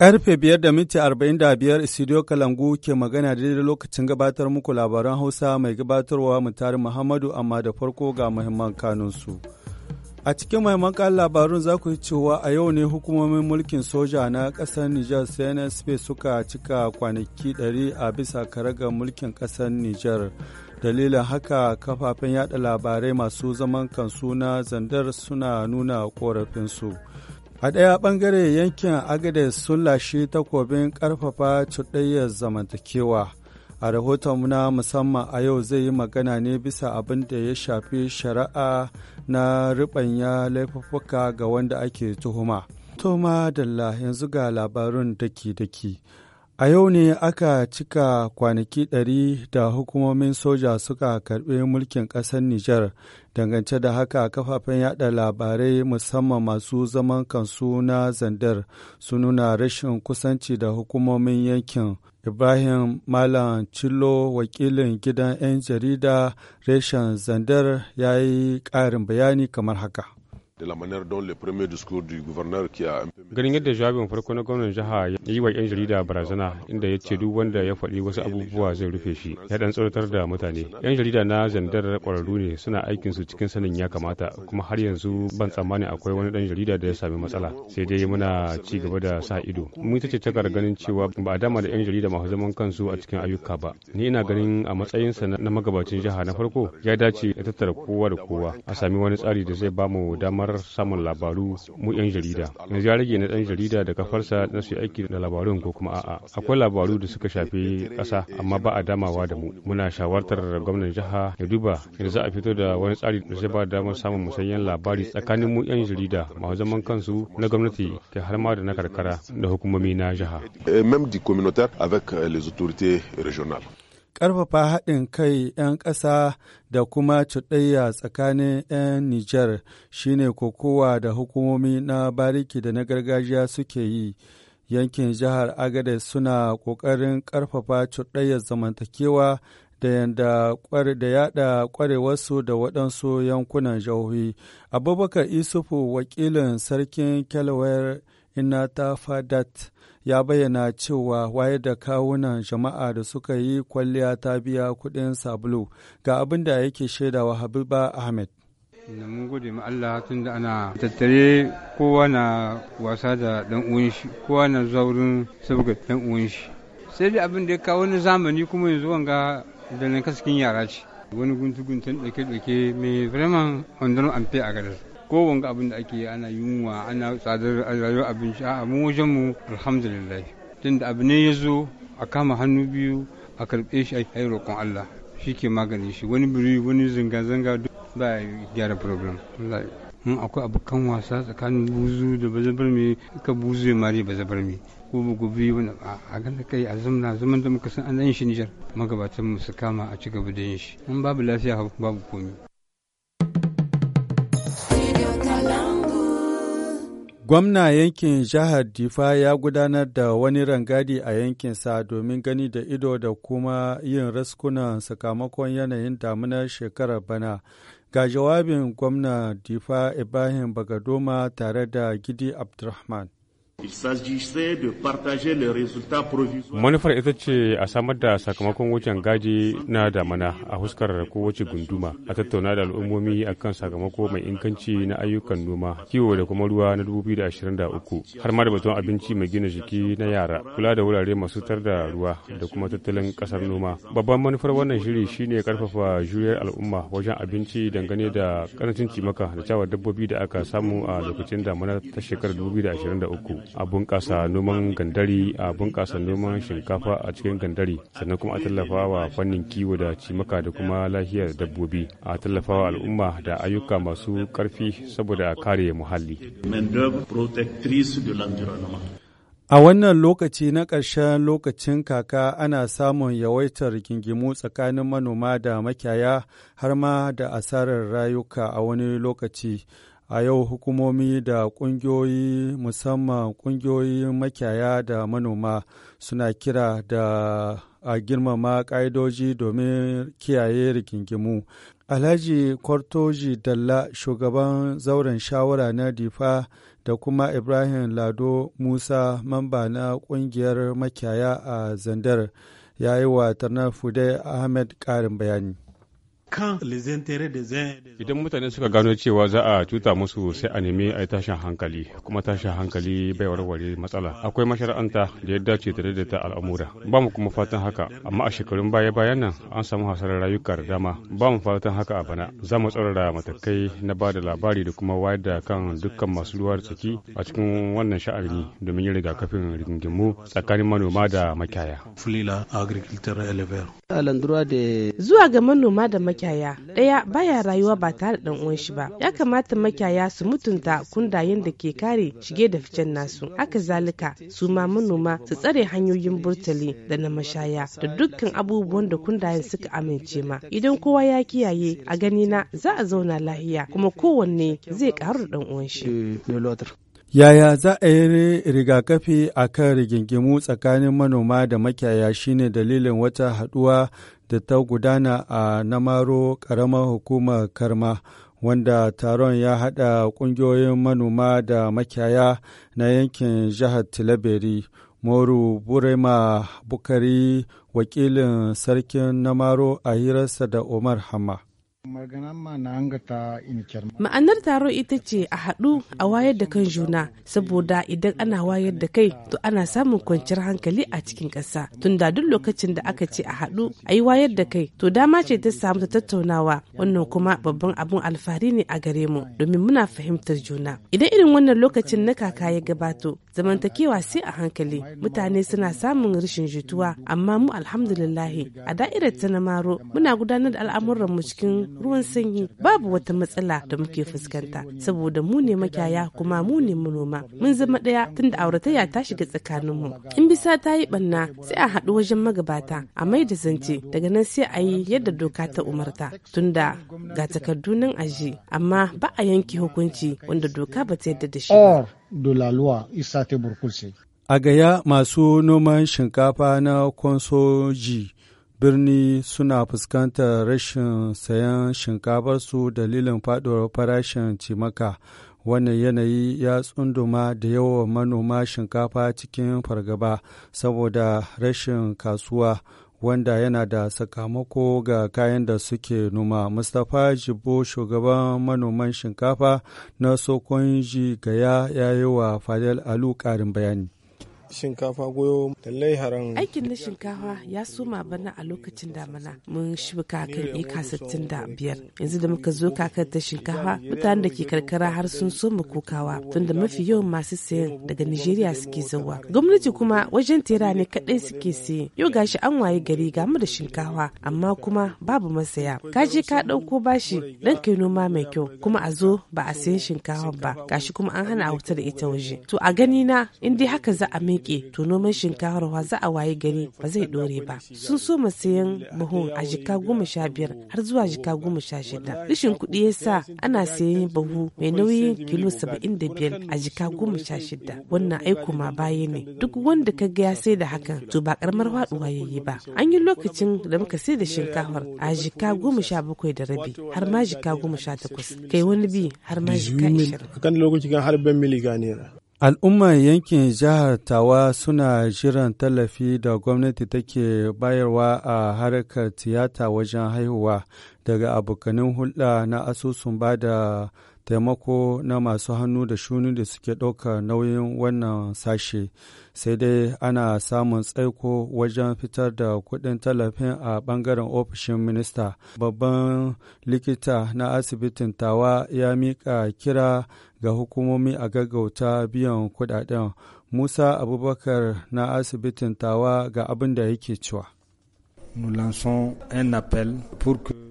Karfe biyar da minti arba'in da biyar Isidio Kalangu ke magana da daidai lokacin gabatar muku labaran Hausa mai gabatarwa mutari Muhammadu amma da farko ga muhimman kanunsu. A cikin mahimman kan labarun za ku yi cewa a yau ne hukumomin mulkin soja na ƙasar Nijar CNSP suka cika kwanaki ɗari a bisa karaga mulkin ƙasar Nijar. dalilin haka kafafen yada labarai masu zaman kansu na zandar suna nuna korafinsu A ɗaya ɓangare yankin Agades sun lashe takobin ƙarfafa cuɗayyar zamantakewa. A rahoton na musamman a yau zai yi magana ne bisa abin da ya shafi shari'a na riɓanya laifuffuka ga wanda ake tuhuma. Toma Dalla yanzu ga labarun daki-daki. A yau ne aka cika kwanaki ɗari da hukumomin soja suka karɓi mulkin ƙasar Nijar, dangance da haka kafafen yada labarai musamman masu zaman kansu na zandar su nuna rashin kusanci da hukumomin yankin. Ibrahim Malam Cillo wakilin gidan 'yan jarida reshen zandar ya yi ƙarin bayani kamar haka. de la manière dont le premier ganin yadda jawabin farko na gwamnan jiha ya yi wa 'yan jarida barazana inda ya ce duk wanda ya faɗi wasu abubuwa zai rufe shi ya dan tsoratar da mutane 'yan jarida na zandar ƙwararru ne suna aikin su cikin sanin ya kamata kuma har yanzu ban tsammani akwai wani dan jarida da ya sami matsala sai dai muna ci gaba da sa ido mu ita ce ta ganin cewa ba a dama da 'yan jarida masu zaman kansu a cikin ayyuka ba ni ina ganin a matsayinsa na magabacin jiha na farko ya dace ya tattara kowa da kowa a sami wani tsari da zai mu damar damar samun labaru mu 'yan jarida yanzu ya rage na ɗan jarida da kafarsa na su aiki da labarun ko kuma a'a akwai labaru da suka shafi ƙasa amma ba a damawa da mu muna shawartar gwamnan jiha ya duba yanzu za a fito da wani tsari da zai ba damar samun musayen labari tsakanin mu 'yan jarida masu zaman kansu na gwamnati kai har ma da na karkara da hukumomi na jiha. Même du communautaire avec euh, les autorités régionales. ƙarfafa haɗin kai 'yan ƙasa da kuma cuɗayya tsakanin 'yan Nijar shine kokowa da hukumomi na bariki da na gargajiya suke yi. Yankin jihar agade suna ƙoƙarin ƙarfafa cuɗayyar zamantakewa da yaɗa da yada da waɗansu yankunan jihohi. Abubakar Isufu wakilin sarkin Kelwayar Inata Fadat ya bayyana cewa wayar da kawunan jama'a da suka yi kwalliya ta biya kuɗin sabulu ga abin da yake shaidawa habiba ahmed na mun gode ma Allah tun da ana tattare kowa na wasa da dan uwan shi kowa na zaurin saboda dan uwan shi sai dai abin da ya kawo wani zamani kuma yanzu wanga da nan kasikin yara ce wani guntu guntun ɗauke-ɗauke mai vraiment wanda don amfe a gadar ko wanga abin da ake ana yunwa ana tsadar rayuwar abin sha a mu wajen mu alhamdulillah tun da abu ne ya zo a kama hannu biyu a karɓe shi a yi roƙon Allah shi ke maganin shi wani biri wani zanga-zanga ba gyara problem mun akwai kan wasa tsakanin buzu da bazabar mai ka buzu ya mari bazabar mai ko ba gobe wani a da kai a zamna zaman da muka san an yin shi nijar magabatan mu su kama a ci gaba da yin shi in babu lafiya babu komi Gwamna yankin jihar Difa ya gudanar da wani rangadi a yankinsa domin gani da ido da kuma yin raskunan sakamakon yanayin damunar shekarar bana. Ga jawabin gwamna Difa Ibrahim Bagadoma tare da Gidi Abdulrahman. Manufar ita ce a samar da sakamakon wucin gaji na damana a huskar kowace gunduma a tattauna da al'ummomi a kan sakamako mai inganci na ayyukan noma, kiwo da kuma ruwa na 2023 har ma da batun abinci mai gina jiki na yara, kula da wurare masu tar da ruwa da kuma tattalin kasar noma. Babban manufar wannan shiri shine karfafa juriyar al'umma wajen abinci dangane da karancin cimaka da cewa dabbobi da aka samu a lokacin damana ta shekarar 2023. a bunƙasa noman gandari a bunƙasa noman shinkafa a cikin gandari sannan kuma a tallafa fannin kiwo da cimaka da kuma lahiyar dabbobi a tallafawa al'umma da ayyuka masu ƙarfi saboda kare muhalli A wannan lokaci na ƙarshen lokacin kaka ana samun yawaitar gingimu tsakanin manoma da makiyaya har ma da asarar rayuka a wani lokaci. a yau hukumomi da ƙungiyoyi musamman ƙungiyoyin makiyaya da manoma suna kira da a girmama ƙa'idoji domin kiyaye rigingimu alhaji kwartoji dalla shugaban zauren shawara na difa da kuma ibrahim lado musa mamba na ƙungiyar makiyaya a zandar ya yi wa tarnar fude ahmed ƙarin bayani Idan mutane suka gano cewa za a cuta musu sai a nemi a yi tashin hankali, kuma tashin hankali bai warware matsala. Akwai mashara'anta da ya dace da daidaita al'amura. Ba mu kuma fatan haka, amma a shekarun baya bayan nan an samu hasarar rayuka da dama. Ba mu fatan haka a bana. Za mu tsorara matakai na ba da labari da kuma wayar da kan dukkan masu ruwa da tsaki a cikin wannan sha'ani domin yin rigakafin rigingimu tsakanin manoma da makiyaya. Zuwa ga manoma da makiyaya. makyaya ɗaya baya rayuwa ba tare da ɗan uwan shi ba ya kamata makyaya su mutunta kundayen da ke kare shige da ficen nasu haka zalika su ma manoma su tsare hanyoyin burtali da na mashaya da dukkan abubuwan da kundayen suka amince ma idan kowa ya kiyaye a gani na za a zauna lahiya kuma kowanne zai karu ɗan uwan shi Yaya za a yi rigakafi a kan rigingimu tsakanin manoma da makiyaya shine dalilin wata haɗuwa da ta gudana a namaro ƙaramar hukumar karma wanda taron ya haɗa ƙungiyoyin manoma da makiyaya na yankin jihar tilaberi moru burema bukari wakilin sarkin namaro a hirarsa da umar hama Ma'anar taro ita ce a haɗu a wayar da kan juna saboda idan ana wayar da kai to ana samun kwanciyar hankali a cikin ƙasa. Tunda duk lokacin da aka ce a haɗu a yi wayar da kai to dama ce ta samu ta tattaunawa wannan kuma babban abun alfahari ne a gare mu domin muna fahimtar juna. Idan irin wannan lokacin na kaka ya gabato zamantakewa sai a hankali mutane suna samun rashin jituwa amma mu alhamdulillahi a da'irar ta na maro muna gudanar da mu cikin ruwan sanyi babu wata matsala da muke fuskanta saboda mu ne makyaya kuma mu ne manoma mun zama ɗaya tunda auratayya ta shiga tsakaninmu in bisa ta yi banna sai a haɗu wajen magabata a mai da zance daga nan sai a yi yadda doka ta umarta tunda ga takardu nan aji amma ba a yanke hukunci wanda doka ba ta yadda da shi ba. A gaya masu noman shinkafa na konsoji birni suna fuskantar rashin sayan shinkafarsu dalilin faɗuwar farashin cimaka. wannan yanayi ya tsunduma da yawan manoma shinkafa cikin fargaba saboda rashin kasuwa wanda yana da sakamako ga kayan da suke noma. Mustapha Jibo shugaban manoman shinkafa na Sokonji Gaya ya yi wa Fadel Alu ƙarin bayani. shinkafa goyo Aikin na shinkafa ya soma bana a lokacin damana mun shuka kan eka sittin da biyar. Yanzu da muka zo kakar ta shinkafa mutanen da ke karkara har sun soma kokawa tunda mafi yawan masu sayan daga Nijeriya suke zawa. Gwamnati kuma wajen tera ne kaɗai suke saye. Yau gashi an waye gari ga mu da shinkafa amma kuma babu masaya. Ka je ka ɗauko bashi dan kai noma mai kyau kuma a zo ba a sayan shinkafa ba gashi kuma an hana a wuta da ita waje. To a gani na in dai haka za a mai yanke to noman shinkafar za a waye gari ba zai ɗore ba sun so mu sayan buhun a jika goma sha biyar har zuwa jika goma sha shida rashin kuɗi ya sa ana sayan buhu mai nauyin kilo saba'in da biyar a jika goma sha shida wannan aiko ma baya ne duk wanda ka ga ya sai da hakan to ba karamar faɗuwa ya yi ba an yi lokacin da muka sai da shinkafar a jika goma sha bakwai da rabi har ma jika goma sha takwas kai wani bi har ma jika ishirin. har ban Al'ummar yankin jihar Tawa suna jiran tallafi da gwamnati take bayarwa a harkar tiyata wajen haihuwa daga abokanin hulɗa na asusun ba da taimako na masu hannu da shuni da suke ɗauka nauyin wannan sashe sai dai ana samun tsaiko wajen fitar da kuɗin tallafin a ɓangaren ofishin minista babban likita na asibitin tawa ya miƙa kira ga hukumomi a gaggauta biyan kuɗaɗen musa abubakar na asibitin tawa ga abin da yake cewa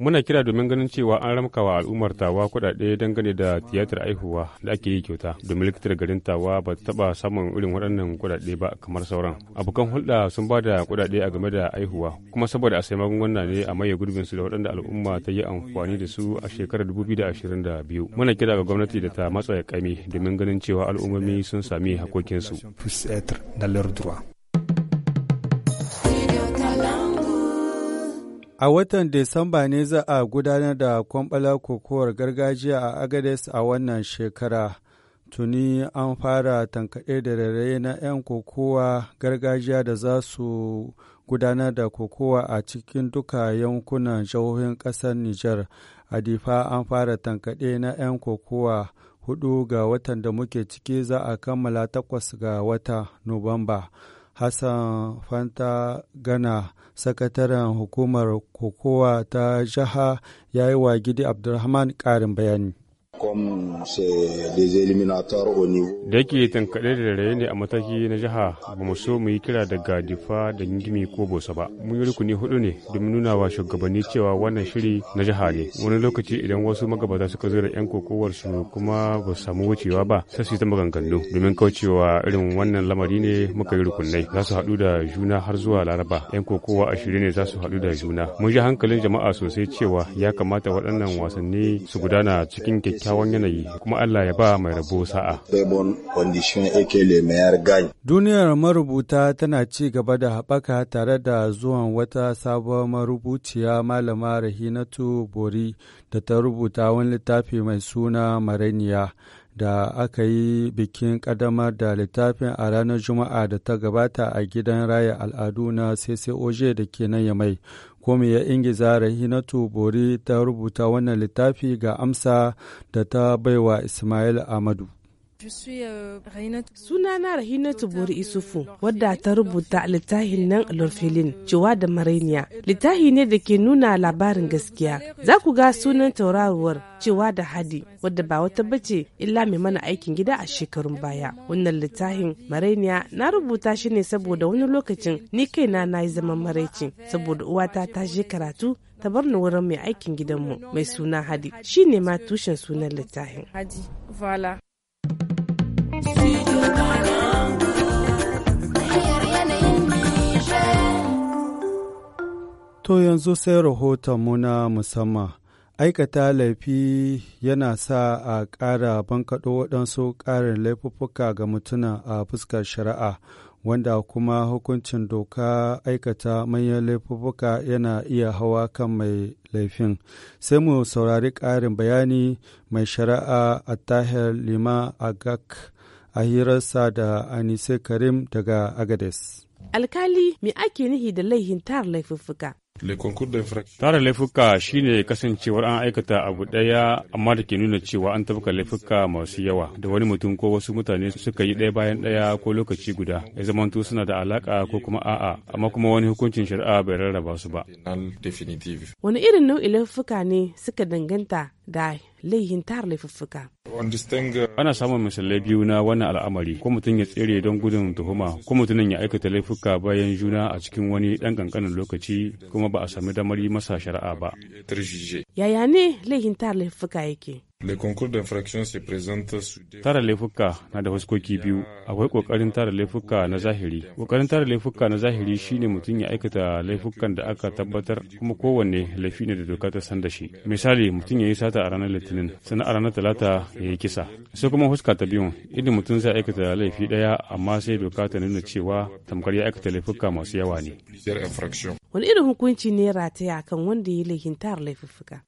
Muna kira domin ganin cewa an ramka wa al'ummar tawa kuɗaɗe dangane da tiyatar aihuwa da ake yi kyauta domin likitar garin tawa ba ta taɓa samun irin waɗannan kuɗaɗe ba kamar sauran. Abokan hulɗa sun ba da kuɗaɗe a game da aihuwa kuma saboda a sai magunguna ne a maye gurbin su da waɗanda al'umma ta yi amfani da su a shekarar biyu Muna kira ga gwamnati da ta matsa ya domin ganin cewa al'ummomi sun sami hakokinsu. A watan Disamba ne za a gudanar da kwamɓala kokowar gargajiya a Agades a wannan shekara. Tuni an fara tankaɗe da rarraye na 'yan kokowa gargajiya da za su gudanar da kokowa a cikin duka yankunan jihohin ƙasar Nijar. A difa an fara tankaɗe na 'yan kokowa hudu ga watan da muke ciki za a kammala takwas ga wata Nuwamba. Hassan Fanta Gana, sakataren hukumar kokowa ta jiha ya yi wa Gidi Abdulrahman ƙarin bayani. Da yake tankaɗe da raye ne a mataki na jiha ba mu so mu yi kira daga difa da gimi ko bosa ba. Mun yi rukuni hudu ne domin nuna wa shugabanni cewa wannan shiri na jiha ne. Wani lokaci idan wasu magabata suka zo da 'yan kokowar su kuma ba su samu wucewa ba sai su yi ta maganganu domin kaucewa irin wannan lamari ne muka yi rukunai za su haɗu da juna har zuwa laraba 'yan kokowa ashirin ne za su haɗu da juna. Mun ji hankalin jama'a sosai cewa ya kamata waɗannan wasanni su gudana cikin kyakkyawan kyakkyawan yanayi kuma Allah ya ba mai rabo sa'a. Duniyar marubuta tana ci gaba da haɓaka tare da zuwan wata sabuwar marubuciya malama Rahinatu Bori da ta rubuta wani littafi mai suna Mareniya. da aka yi bikin kadamar da littafin a ranar juma'a da ta gabata a gidan raya al'adu na ccoj da ke nan yamai Komi ya zara Rahinatu Bori ta rubuta wannan littafi ga amsa da ta baiwa Ismail Amadu. Euh, Sunana Rahinatu buri Isufu wadda ta rubuta littafin nan Lorfilin, Cewa da Marainiya. Littafi ne da ke nuna labarin gaskiya. Za ku ga sunan tauraruwar Cewa da Hadi wadda ba wata bace illa mai mana aikin gida a shekarun baya. Wannan littafin Marainiya na rubuta shi ne saboda wani lokacin ni kaina na yi zaman maraici saboda uwata ta je karatu ta bar ni wurin mai aikin gidanmu mai suna Hadi. Shi ne ma tushen sunan littafin. Hadi, To yanzu sai rahoton mu na musamman. Aikata laifi yana sa a ƙara bankaɗo waɗansu ƙarin laifuka ga mutuna a fuskar shari'a, wanda kuma hukuncin doka aikata manyan laifuffuka yana iya hawa kan mai laifin. Sai mu saurari ƙarin bayani mai shari'a a tahir lima agak a hirarsa da Anise Karim daga Agades. Alkali me ake nihi da laihin tar laifuffuka? Tara laifuka shine kasancewar an aikata abu ɗaya amma da ke nuna cewa an tafka laifuka masu yawa da wani mutum ko wasu mutane suka yi ɗaya bayan ɗaya ko lokaci guda ya zamanto suna da alaka ko kuma a'a amma kuma wani hukuncin shari'a bai rarraba su ba. Wani irin nau'i laifuka ne suka danganta da laihin tar laifuffuka. Ana samun misalai biyu na wannan al'amari, ko mutum ya tsere don gudun tuhuma, ko mutumin ya aikata laifuka bayan juna a cikin wani ɗan ƙanƙanin lokaci kuma ba a sami damar masa shari'a ba. Yaya ne laihin tar laifuffuka yake? Tara laifuka na da huskoki biyu, akwai ƙoƙarin tara laifuka na zahiri. Ƙoƙarin tara laifuka na zahiri shine mutum ya aikata laifukan da aka tabbatar kuma kowanne laifi ne da doka ta san da shi. Misali, mutum ya yi sata a ranar Litinin, sannan a ranar Talata ya yi kisa. Sai kuma huska ta biyun, idan mutum zai aikata laifi ɗaya amma sai doka ta nuna cewa tamkar ya aikata laifuka masu yawa ne. Wani irin hukunci ne rataya kan wanda ya yi laifin tara laifuka.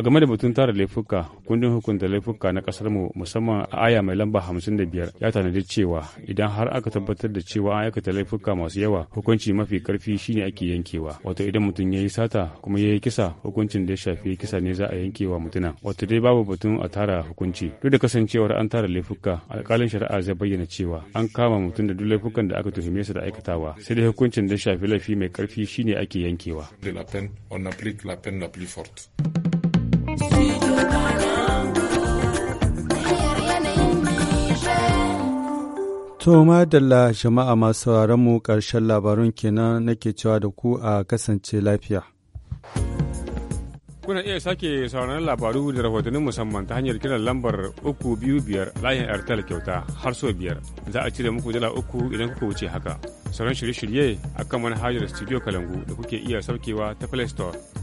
a game da batun tara laifuka kundin hukunta laifuka na kasar mu musamman a aya mai lamba hamsin da biyar ya tanadi cewa idan har aka tabbatar da cewa an aikata laifuka masu yawa hukunci mafi karfi shine ake yankewa wato idan mutum ya yi sata kuma ya yi kisa hukuncin da ya shafi kisa ne za a yankewa mutuna wato dai babu batun a tara hukunci duk da kasancewar an tara laifuka alkalin shari'a zai bayyana cewa an kama mutum da duk laifukan da aka tuhume su da aikatawa sai dai hukuncin da ya shafi laifi mai karfi shine ake yankewa. To la jama'a masu sauraron mu ƙarshen labarun kenan nake cewa da ku a kasance lafiya. Kuna iya sake sauraron labaru da rahotannin musamman ta hanyar kiran lambar 325 layin Airtel kyauta har so biyar. Za a cire muku dala uku idan kuka wuce haka. Sauran shirye-shirye a kan manhajar Studio Kalangu da kuke iya saukewa ta Play Store.